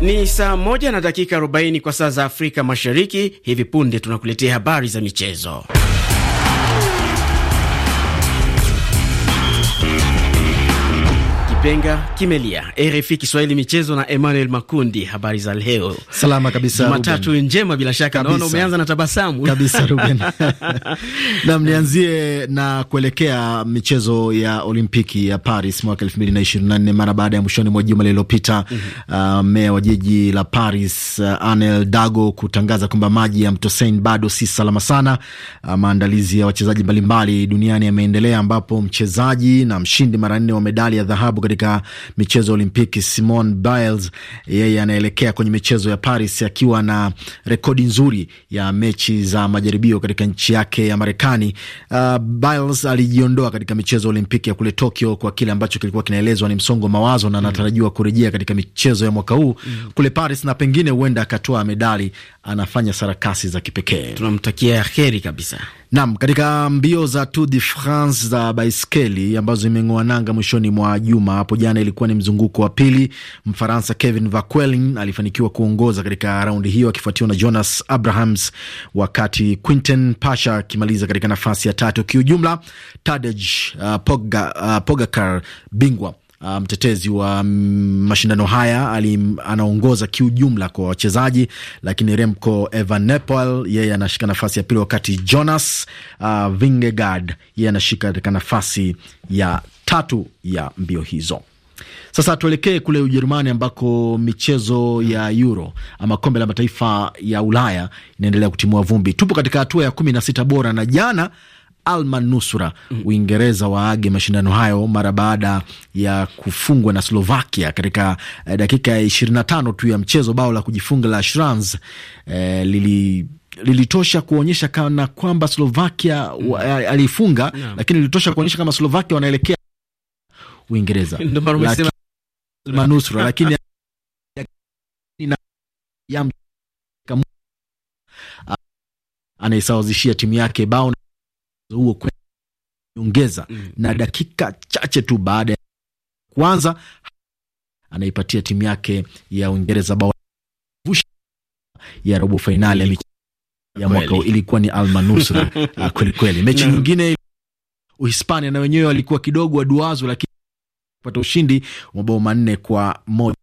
Ni saa moja na dakika 40 kwa saa za Afrika Mashariki. Hivi punde tunakuletea habari za michezo. Benga kimelia. RFI Kiswahili michezo na Emmanuel Makundi. Habari za leo? Salama kabisa. Jumatatu njema bila shaka. Naona umeanza na tabasamu kabisa Ruben. Na mnianzie na kuelekea michezo ya Olimpiki ya Paris mwaka 2024 mara baada ya mwishoni mwa juma lililopita, mm -hmm. uh, meya wa jiji la Paris uh, Anel Dago kutangaza kwamba maji ya mto Seine bado si salama sana. Uh, maandalizi ya wachezaji mbalimbali duniani yameendelea ambapo mchezaji na mshindi mara nne wa medali ya dhahabu katika katika michezo Olimpiki. Simone Biles yeye anaelekea kwenye michezo ya Paris akiwa na rekodi nzuri ya mechi za majaribio katika nchi yake ya Marekani. Uh, Biles alijiondoa katika michezo Olimpiki ya kule Tokyo kwa kile ambacho kilikuwa kinaelezwa ni msongo mawazo na anatarajiwa kurejea katika michezo ya mwaka huu kule Paris na pengine huenda akatoa medali. Anafanya sarakasi za kipekee, tunamtakia heri kabisa. Nam, katika mbio za Tour de France za baiskeli ambazo imeng'oa nanga mwishoni mwa juma hapo jana, ilikuwa ni mzunguko wa pili. Mfaransa Kevin vaquelin alifanikiwa kuongoza katika raundi hiyo akifuatiwa na Jonas Abrahams, wakati Quinten Pasha akimaliza katika nafasi ya tatu. Kiujumla, Tadej uh, uh Pogacar uh, Poga bingwa Ah, mtetezi um, wa mm, mashindano haya ali, anaongoza kiujumla kwa wachezaji, lakini Remco Evenepoel yeye anashika nafasi ya pili, wakati Jonas uh, Vingegaard yeye anashika katika nafasi ya tatu ya mbio hizo. Sasa tuelekee kule Ujerumani ambako michezo ya Euro ama kombe la mataifa ya Ulaya inaendelea kutimua vumbi. Tupo katika hatua ya kumi na sita bora na jana Almanusra Uingereza waage mashindano hayo mara baada ya kufungwa na Slovakia katika dakika ya ishirini na tano tu ya mchezo. Bao la kujifunga la Shranz eh, lili lilitosha kuonyesha kana kwamba Slovakia alifunga, lakini lilitosha kuonyesha kama Slovakia wanaelekea Uingereza lakini anaisawazishia timu yake bao huo kuongeza mm. na dakika chache tu baada ya kwanza anaipatia timu yake ya Uingereza bao ya robo fainali ya mwaka huu ilikuwa ni almanusra kwelikweli. Ah, Mechi no. nyingine Uhispania na wenyewe walikuwa kidogo waduazo, lakini pata ushindi mabao manne kwa moja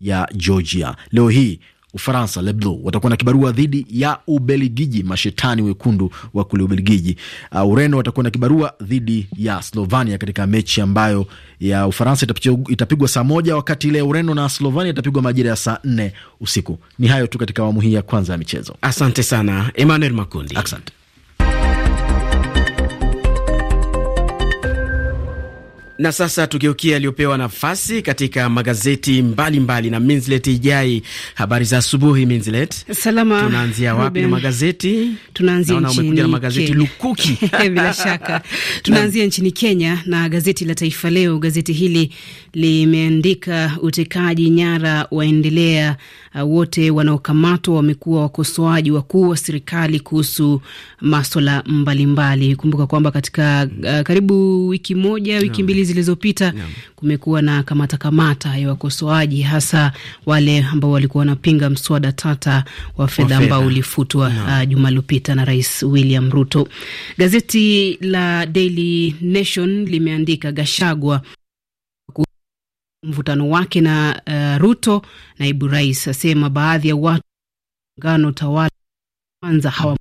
ya Georgia. Leo hii Ufaransa, Le Bleu watakuwa na kibarua dhidi ya Ubelgiji, mashetani wekundu wa kule Ubelgiji. Uh, Ureno watakuwa na kibarua dhidi ya Slovania katika mechi ambayo ya Ufaransa itapigwa saa moja wakati ile Ureno na Slovania itapigwa majira ya saa nne usiku. Ni hayo tu katika awamu hii ya kwanza ya michezo. Asante sana Emmanuel Makundi, asante. Na sasa tugeukia aliyopewa nafasi katika magazeti mbalimbali mbali na Minzlet Ijai. Habari za asubuhi Minzlet. Salama. Tunaanzia wapi na magazeti? Tunaanzia nchini na magazeti lukuki. Bila shaka. Tunaanzia nchini Kenya na gazeti la Taifa Leo. Gazeti hili limeandika utekaji nyara waendelea, uh, wote wanaokamatwa wamekuwa wakosoaji wakuu wa serikali kuhusu maswala mbalimbali. Kumbuka kwamba katika uh, karibu wiki moja wiki mbili zilizopita kumekuwa na kamata kamata ya wakosoaji, hasa wale ambao walikuwa wanapinga mswada tata wa fedha ambao ulifutwa yeah, uh, juma lilopita na Rais William Ruto. Gazeti la Daily Nation limeandika Gashagwa mvutano wake na uh, Ruto. Naibu rais asema baadhi ya watu ngano tawala kwanza hawa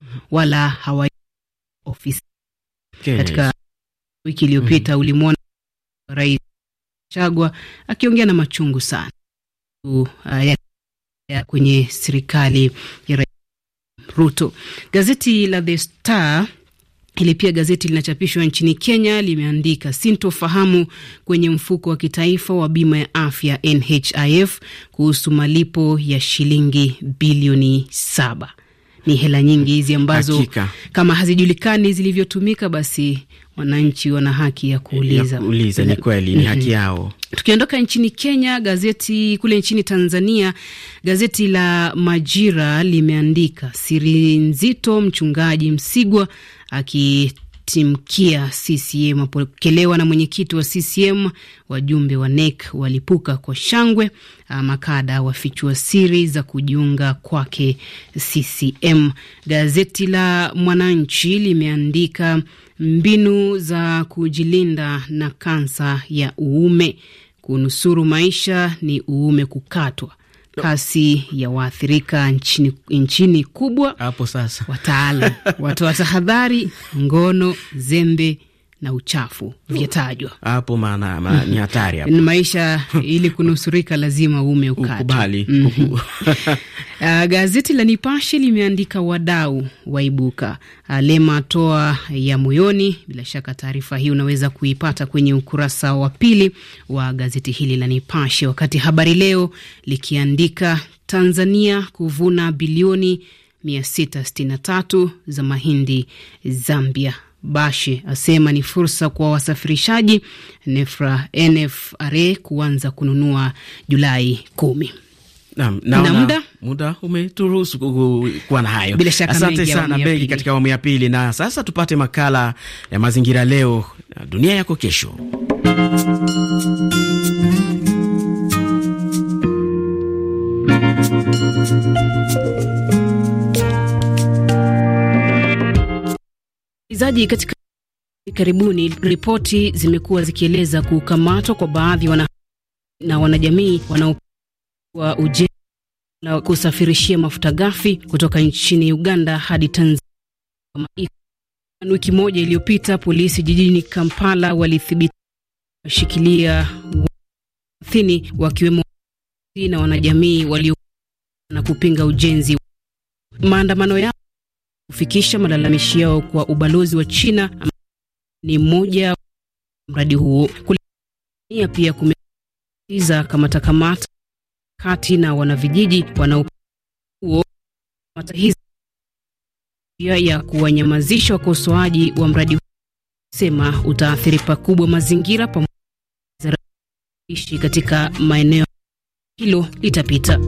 mm. wala hawa ofisi katika Wiki iliyopita mm ulimwona Rais Chagwa akiongea na machungu sana uh, ya, ya kwenye serikali ya Rais Ruto. Gazeti la The Star ili pia gazeti linachapishwa nchini Kenya limeandika sintofahamu kwenye mfuko wa kitaifa wa bima ya afya NHIF kuhusu malipo ya shilingi bilioni saba. Ni hela nyingi hizi ambazo Hakika. kama hazijulikani zilivyotumika basi wananchi wana haki ya kuuliza. Ya kuuliza ni kweli, ni haki mhm. yao. Tukiondoka nchini Kenya, gazeti kule nchini Tanzania, gazeti la Majira limeandika siri nzito, mchungaji Msigwa aki timkia CCM apokelewa na mwenyekiti wa CCM. Wajumbe wa NEC walipuka kwa shangwe. Makada wafichua siri za kujiunga kwake CCM. Gazeti la Mwananchi limeandika mbinu za kujilinda na kansa ya uume. Kunusuru maisha ni uume kukatwa kasi ya waathirika nchini, nchini kubwa hapo sasa. Wataalam watoa tahadhari ngono, zembe na uchafu vyatajwa hapo, maana ma, ni mm-hmm. hatari hapo. Maisha ili kunusurika lazima ume ukubali. mm -hmm. Uh, gazeti la Nipashe limeandika wadau waibuka, uh, Lema toa ya moyoni. Bila shaka taarifa hii unaweza kuipata kwenye ukurasa wa pili wa gazeti hili la Nipashe, wakati Habari Leo likiandika Tanzania kuvuna bilioni 663 za mahindi Zambia. Bashe asema ni fursa kwa wasafirishaji NEFRA, NFRA kuanza kununua Julai kumi. Na, na, na muda, muda umeturuhusu kuwa na hayo. Bila shaka asante sana Begi katika awamu ya pili, na sasa tupate makala ya mazingira leo, dunia yako kesho. Msikilizaji, katika karibuni ripoti zimekuwa zikieleza kukamatwa kwa baadhi wana na wanajamii wanaowa ujenzi na kusafirishia mafuta ghafi kutoka nchini Uganda hadi Tanzania. Wiki moja iliyopita, polisi jijini Kampala walithibitisha washikilia thelathini wakiwemo na wanajamii walio na kupinga ujenzi. Maandamano yao kufikisha malalamishi yao kwa ubalozi wa China ni mmoja wa mradi huo. Kulia pia kumeiza kamata kamata kati na wanavijiji wanaohuo huo pia ya, kuwanyamazisha wakosoaji wa mradi huo sema utaathiri pakubwa mazingira pamoja ishi katika maeneo hilo litapita.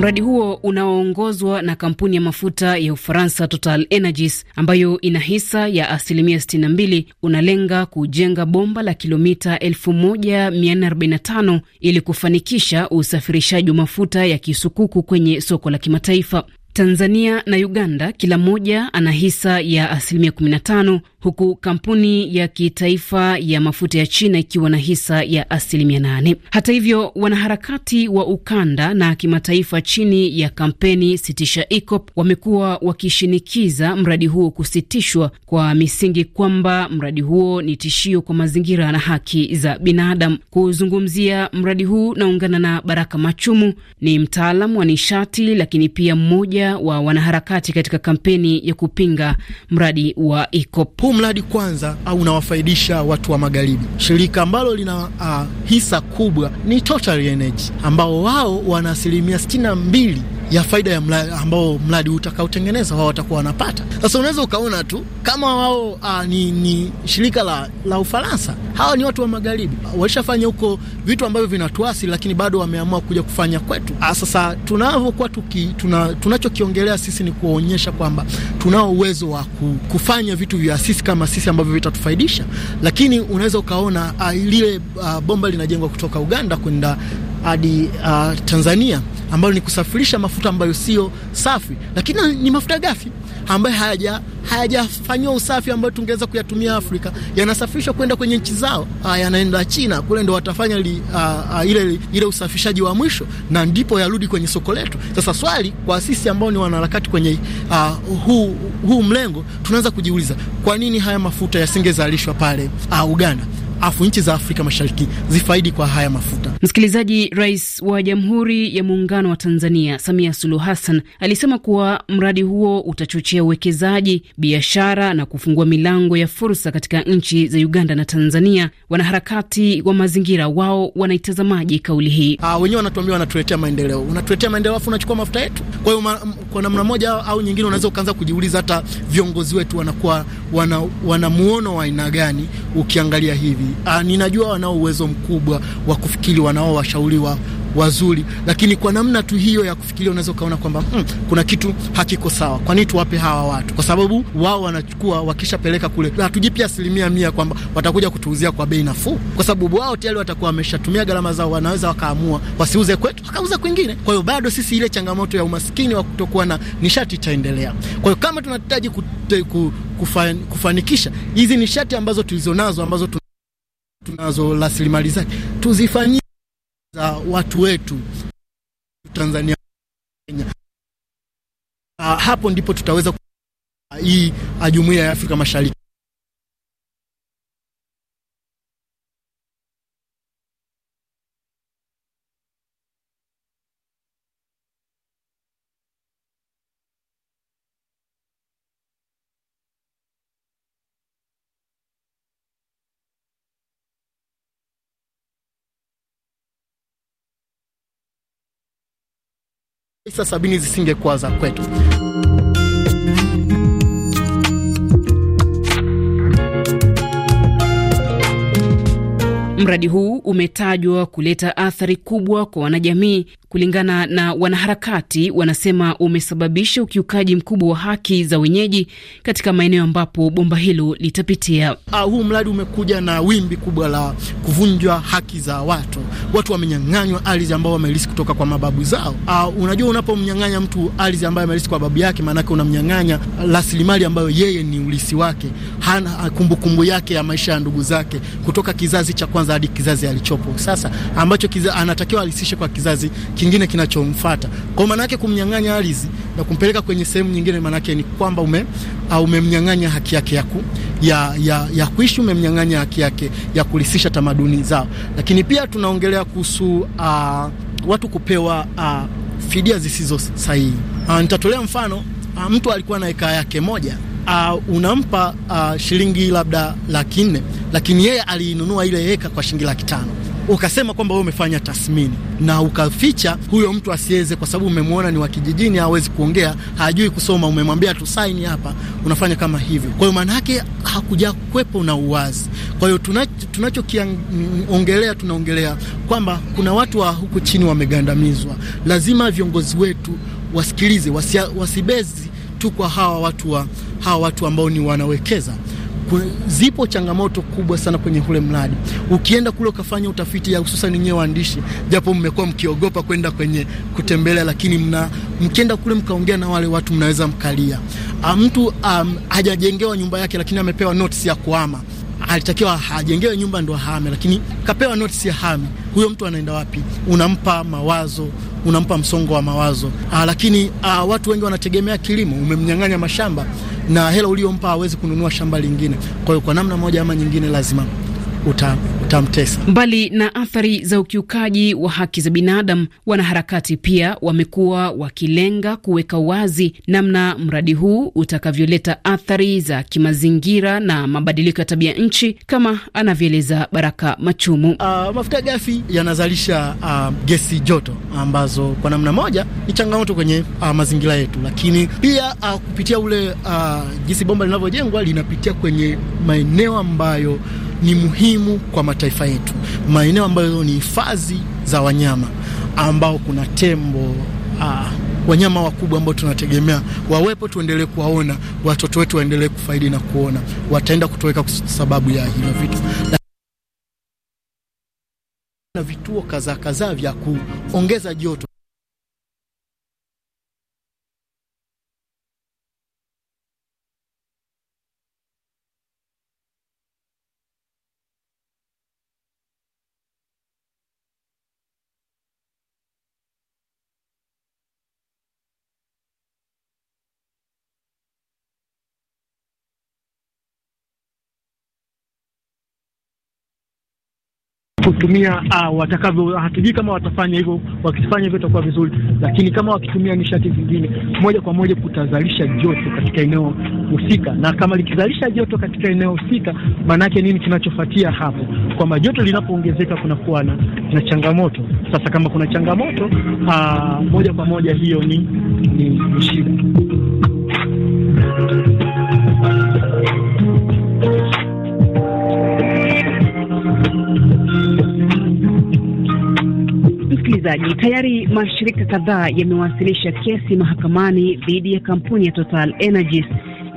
Mradi huo unaoongozwa na kampuni ya mafuta ya Ufaransa Total Energies ambayo ina hisa ya asilimia 62 unalenga kujenga bomba la kilomita 1445 ili kufanikisha usafirishaji wa mafuta ya kisukuku kwenye soko la kimataifa. Tanzania na Uganda kila mmoja ana hisa ya asilimia 15 huku kampuni ya kitaifa ya mafuta ya China ikiwa na hisa ya asilimia nane. Hata hivyo, wanaharakati wa ukanda na kimataifa chini ya kampeni Sitisha ECOP wamekuwa wakishinikiza mradi huo kusitishwa kwa misingi kwamba mradi huo ni tishio kwa mazingira na haki za binadamu. Kuzungumzia mradi huu naungana na Baraka Machumu, ni mtaalam wa nishati lakini pia mmoja wa wanaharakati katika kampeni ya kupinga mradi wa ECOP huu mradi kwanza au unawafaidisha watu wa magharibi. Shirika ambalo lina uh, hisa kubwa ni Total Energy ambao wao wana asilimia sitini na mbili ya faida ya mradi ambao mradi utakaotengeneza wao watakuwa wanapata. Sasa unaweza ukaona tu kama wao a, ah, ni, ni shirika la, la Ufaransa. Hawa ni watu wa magharibi, walishafanya huko vitu ambavyo vinatuasi, lakini bado wameamua kuja kufanya kwetu. Ah, sasa tunavyokuwa tuna, tunachokiongelea sisi ni kuonyesha kwamba tunao uwezo wa kufanya vitu vya sisi kama sisi ambavyo vitatufaidisha, lakini unaweza ukaona ah, lile bomba linajengwa kutoka Uganda kwenda hadi uh, Tanzania ambayo ni kusafirisha mafuta ambayo sio safi, lakini ni mafuta ghafi ambayo hayaja hayajafanyiwa usafi ambayo tungeweza kuyatumia Afrika, yanasafirishwa kwenda kwenye nchi zao, ah, yanaenda China kule ndo watafanya li, a, ah, a, ile, ile usafishaji wa mwisho na ndipo yarudi kwenye soko letu. Sasa swali kwa sisi ambao ni wanaharakati kwenye a, huu, huu mlengo, tunaanza kujiuliza kwa nini haya mafuta yasingezalishwa pale a, Uganda afu nchi za Afrika Mashariki zifaidi kwa haya mafuta. Msikilizaji, Rais wa Jamhuri ya Muungano wa Tanzania Samia Suluhu Hassan alisema kuwa mradi huo utachochea uwekezaji, biashara na kufungua milango ya fursa katika nchi za Uganda na Tanzania. Wanaharakati wa mazingira wao wanaitazamaje kauli hii? Ah, wenyewe wanatuambia wanatuletea maendeleo, unatuletea maendeleo afu unachukua mafuta yetu. Kwa hiyo kwa namna moja au nyingine, unaweza ukaanza kujiuliza hata viongozi wetu wanakuwa wana, wana muono wa aina gani ukiangalia hivi Ah, ninajua wanao uwezo mkubwa wa kufikiri, wanao washauri wa wazuri, lakini kwa namna tu hiyo ya kufikiria unaweza ukaona kwamba mm, kuna kitu hakiko sawa. Kwa nini tuwape hawa watu? Kwa sababu wao wanachukua, wakishapeleka kule, hatujipi asilimia mia kwamba watakuja kutuuzia kwa bei nafuu, kwa sababu wao tayari watakuwa wameshatumia gharama zao. Wanaweza wakaamua wasiuze kwetu, wakauza kwingine. Kwa hiyo bado sisi ile changamoto ya umaskini wa kutokuwa na nishati itaendelea. Kwa hiyo kama tunahitaji kufanikisha hizi nishati ambazo tulizonazo ambazo tunazo rasilimali zake tuzifanyie za watu wetu Tanzania, Kenya. Ah, hapo ndipo tutaweza hii ah, jumuiya ya Afrika Mashariki. Pesa sabini zisingekuwa za kwetu. Mradi huu umetajwa kuleta athari kubwa kwa wanajamii kulingana na wanaharakati, wanasema umesababisha ukiukaji mkubwa wa haki za wenyeji katika maeneo ambapo bomba hilo litapitia. Ah, huu mradi umekuja na wimbi kubwa la kuvunjwa haki za watu. Watu wamenyang'anywa ardhi ambao wamelisi kutoka kwa mababu zao. Ah, unajua unapomnyang'anya mtu ardhi ambayo amelisi kwa babu yake, maanake unamnyang'anya rasilimali ambayo yeye ni ulisi wake, hana kumbukumbu kumbu yake ya maisha ya ndugu zake kutoka kizazi cha kwanza hadi kizazi alichopo sasa, ambacho anatakiwa alisishe kwa kizazi kingine kinachomfuata. Kwa maana yake kumnyang'anya ardhi na kumpeleka kwenye sehemu nyingine, maana yake ni kwamba ume au ah, umemnyang'anya haki yake ya, ku, ya, ya, ya kuishi, umemnyang'anya haki yake ya kulisisha tamaduni zao. Lakini pia tunaongelea kuhusu uh, watu kupewa uh, fidia zisizo sahihi. Uh, nitatolea mfano uh, mtu alikuwa na eka yake moja Uh, unampa uh, shilingi labda laki nne, lakini yeye aliinunua ile eka kwa shilingi laki tano ukasema kwamba wewe umefanya tathmini na ukaficha huyo mtu asiweze, kwa sababu umemwona ni wa kijijini, hawezi kuongea, hajui kusoma, umemwambia tu saini hapa, unafanya kama hivyo. Kwa hiyo maana yake hakuja kwepo na uwazi. Kwa hiyo tunachokiongelea, tunaongelea kwamba kuna watu wa huku chini wamegandamizwa, lazima viongozi wetu wasikilize, wasibezi tu kwa hawa watu wa hawa watu ambao ni wanawekeza zipo changamoto kubwa sana kwenye ule mradi. Ukienda kule ukafanya utafiti, hususan nyewe waandishi, japo mmekuwa mkiogopa kwenda kwenye kutembelea, lakini mna mkienda kule mkaongea na wale watu mnaweza mkalia. Ah, mtu um, hajajengewa nyumba yake, lakini amepewa notice ya kuhama alitakiwa ajengewe nyumba ndo ahame, lakini kapewa notisi ya hame. Huyo mtu anaenda wapi? Unampa mawazo, unampa msongo wa mawazo. Aa, ah, lakini aa, watu wengi wanategemea kilimo, umemnyang'anya mashamba na hela uliompa aweze kununua shamba lingine. Kwa hiyo kwa namna moja ama nyingine lazima uta, utamtesa. Mbali na athari za ukiukaji wa haki za binadamu, wanaharakati pia wamekuwa wakilenga kuweka wazi namna mradi huu utakavyoleta athari za kimazingira na mabadiliko ya tabia nchi, kama anavyoeleza Baraka Machumu. Uh, mafuta ghafi yanazalisha uh, gesi joto ambazo kwa namna moja ni changamoto kwenye uh, mazingira yetu, lakini pia uh, kupitia ule uh, jinsi bomba linavyojengwa linapitia kwenye maeneo ambayo ni muhimu kwa mataifa yetu, maeneo ambayo ni hifadhi za wanyama ambao kuna tembo aa, ah, wanyama wakubwa ambao tunategemea wawepo, tuendelee kuwaona, watoto wetu waendelee kufaidi na kuona, wataenda kutoweka kwa sababu ya hivyo vitu na vituo kadhaa kadhaa vya kuongeza joto. kutumia ah, watakavyo. Ah, hatujui kama watafanya hivyo, wakifanya hivyo itakuwa vizuri, lakini kama wakitumia nishati zingine, moja kwa moja kutazalisha joto katika eneo husika, na kama likizalisha joto katika eneo husika, yake nini kinachofuatia hapo? Kwamba joto linapoongezeka kunakuwa na, na changamoto. Sasa kama kuna changamoto uh, moja kwa moja hiyo ni, ni, ni shida. Msikilizaji, tayari mashirika kadhaa yamewasilisha kesi mahakamani dhidi ya kampuni ya Total Energies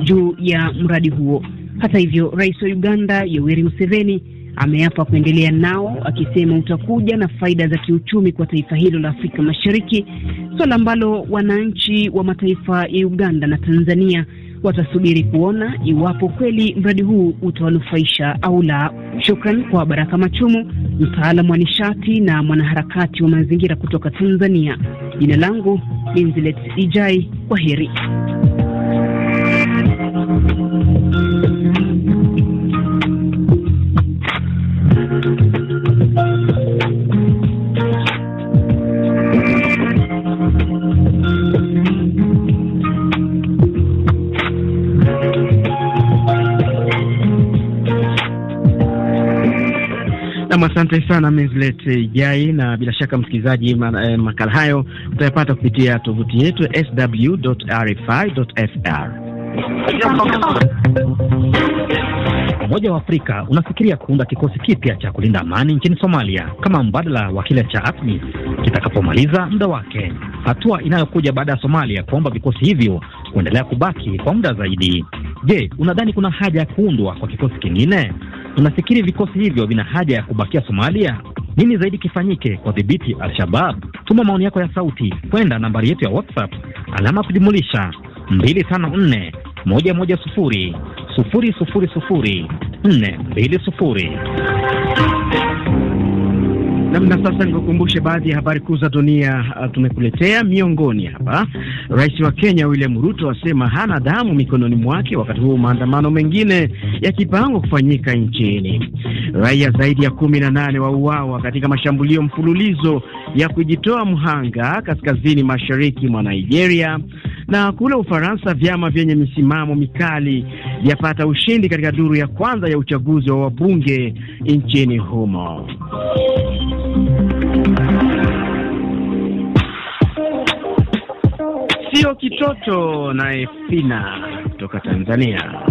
juu ya mradi huo. Hata hivyo, rais wa Uganda Yoweri Museveni ameapa kuendelea nao, akisema utakuja na faida za kiuchumi kwa taifa hilo la Afrika Mashariki, swala ambalo wananchi wa mataifa ya Uganda na Tanzania watasubiri kuona iwapo kweli mradi huu utawanufaisha au la. Shukran kwa Baraka Machumu, mtaalamu wa nishati na mwanaharakati wa mazingira kutoka Tanzania. Jina langu Minzilet Ijai, kwa heri. asante sana Meslet Jai, na bila shaka msikilizaji, eh, makala hayo utayapata kupitia tovuti yetu sw.rfi.fr. Umoja wa Afrika unafikiria kuunda kikosi kipya cha kulinda amani nchini Somalia kama mbadala wa kile cha atmi kitakapomaliza muda wake, hatua inayokuja baada ya Somalia kuomba vikosi hivyo kuendelea kubaki kwa muda zaidi. Je, unadhani kuna haja ya kuundwa kwa kikosi kingine? Tunafikiri vikosi hivyo vina haja ya kubakia Somalia? Nini zaidi kifanyike kudhibiti Al-Shabab? Tuma maoni yako ya sauti kwenda nambari yetu ya WhatsApp alama kujumulisha 254 110 000 420. Namna sasa, nikukumbushe baadhi ya habari kuu za dunia uh, tumekuletea. Miongoni hapa, rais wa Kenya William Ruto asema hana damu mikononi mwake, wakati huu maandamano mengine yakipangwa kufanyika nchini. Raia zaidi ya kumi na nane wauawa katika mashambulio mfululizo ya kujitoa mhanga kaskazini mashariki mwa Nigeria. Na kule Ufaransa, vyama vyenye misimamo mikali vyapata ushindi katika duru ya kwanza ya uchaguzi wa wabunge nchini humo. Sio kitoto na Efina kutoka Tanzania.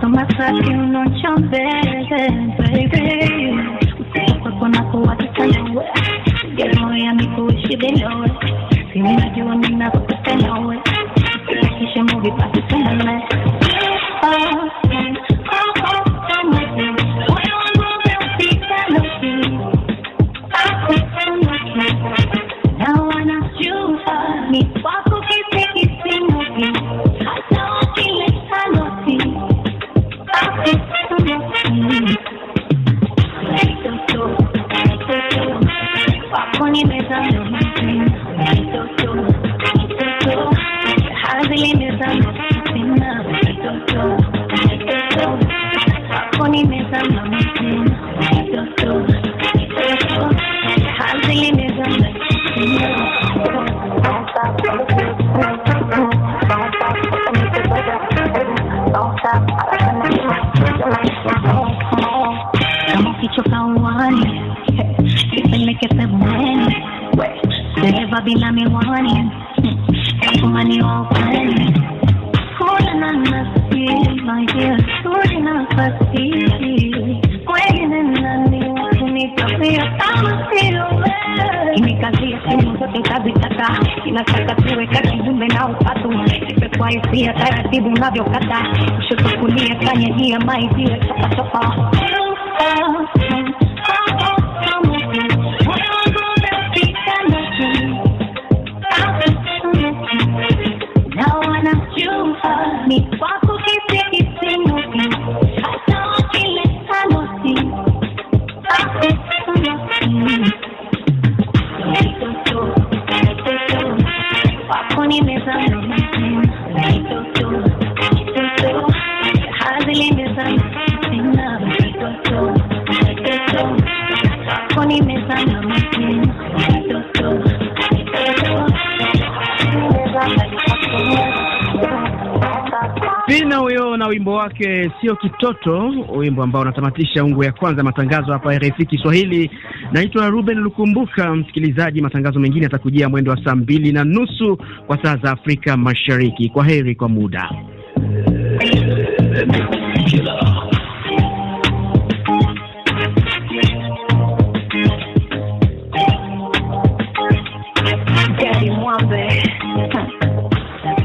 Tomasaa kiuno mbele baby, usiku kwako wacha nawe, ngemo yangu kuishi bila wewe, si mimi najua ninakupenda wewe, kisha movie basi tena Sabi namin wawanin Ay kumaniwawanin Kulang na My dear, tuloy na pasip Kwege na nanin Kumita siya tama siya Imekalia simu zote kazitaka inasakatiwe kati jumbe na upatu sipekwayo pia taratibu unavyokata kanya Pina huyo na wimbo wake sio kitoto, wimbo ambao unatamatisha ungu ya kwanza matangazo hapa RFI Kiswahili. Naitwa Ruben Lukumbuka. Msikilizaji, matangazo mengine yatakujia mwendo wa saa mbili na nusu kwa saa za Afrika Mashariki. Kwa heri kwa muda